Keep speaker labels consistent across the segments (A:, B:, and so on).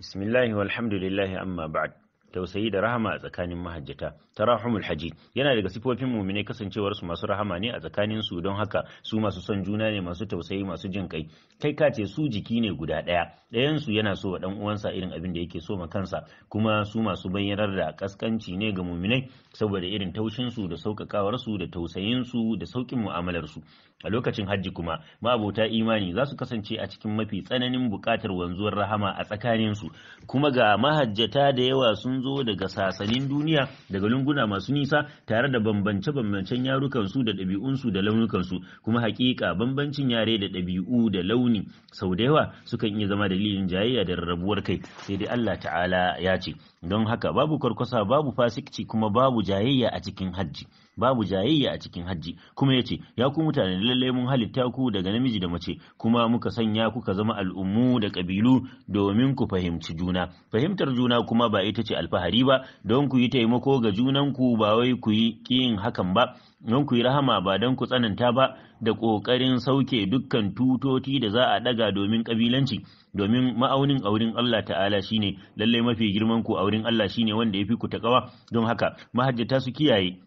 A: بسم الله والحمد لله أما بعد tausayi da rahama a tsakanin mahajjata tarahumul haji yana daga sifofin mu'mine kasancewar su masu rahama ne a tsakanin su don haka su masu son juna ne masu tausayi masu jin kai kai ka ce su jiki ne guda daya ɗayan su yana so wa dan uwansa irin abin da yake so ma kansa kuma su masu bayyanar da kaskanci ne ga mu'minai saboda irin taushin su da saukakawar su da tausayin su da saukin mu'amalar su a lokacin hajji kuma ma'abota imani za su kasance a cikin mafi tsananin bukatar wanzuwar rahama a tsakanin su kuma ga mahajjata da yawa sun zo daga sasanin duniya daga lunguna masu nisa tare da bambance-bambancen yarukansu da ɗabi'unsu da launukansu kuma hakika bambancin yare da ɗabi'u da launi sau da yawa sukan iya zama dalilin jayayya da rarrabuwar kai sai dai Allah ta'ala ya ce don haka babu kwarkwasa babu fasikci kuma babu jayayya a cikin hajji babu jayayya a cikin hajji kuma ya ce ya ku mutane lallai mun halitta ku daga namiji da mace kuma muka sanya kuka zama al'ummu da ƙabilu domin ku fahimci juna fahimtar juna kuma ba ita ce alfahari ba don ku yi taimako ga junanku ba wai ku yi ƙin hakan ba don ku yi rahama ba don ku tsananta ba da ƙoƙarin sauke dukkan tutoti da za a ɗaga domin ƙabilanci domin ma'aunin auren Allah ta'ala shine lallai mafi girman ku auren Allah shine wanda ya fi ku taƙawa don haka mahajjata su kiyaye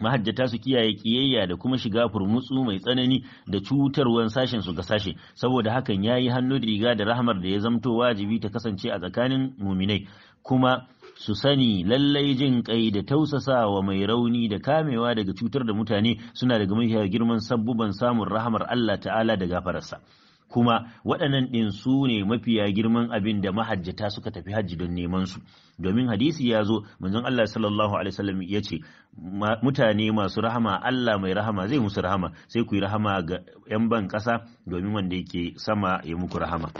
A: mahajjata su kiyaye kiyayya da kuma shiga furmutsu mai tsanani da cutarwan sashen su ga sashe saboda hakan ya yi hannu da riga da rahmar da ya zamto wajibi ta kasance a tsakanin muminai kuma su sani lallai jin kai da tausasawa mai rauni da kamewa daga cutar da mutane suna daga mafiya girman sabbuban samun rahamar Allah ta'ala da gafararsa kuma waɗannan ɗin su ne mafiya girman abin da mahajjata suka tafi hajji don neman su domin hadisi ya zo manzon Allah sallallahu alaihi wasallam ya ce mutane masu rahama Allah mai rahama zai musu rahama sai ku yi rahama ga 'yan ban ƙasa domin wanda yake sama ya muku rahama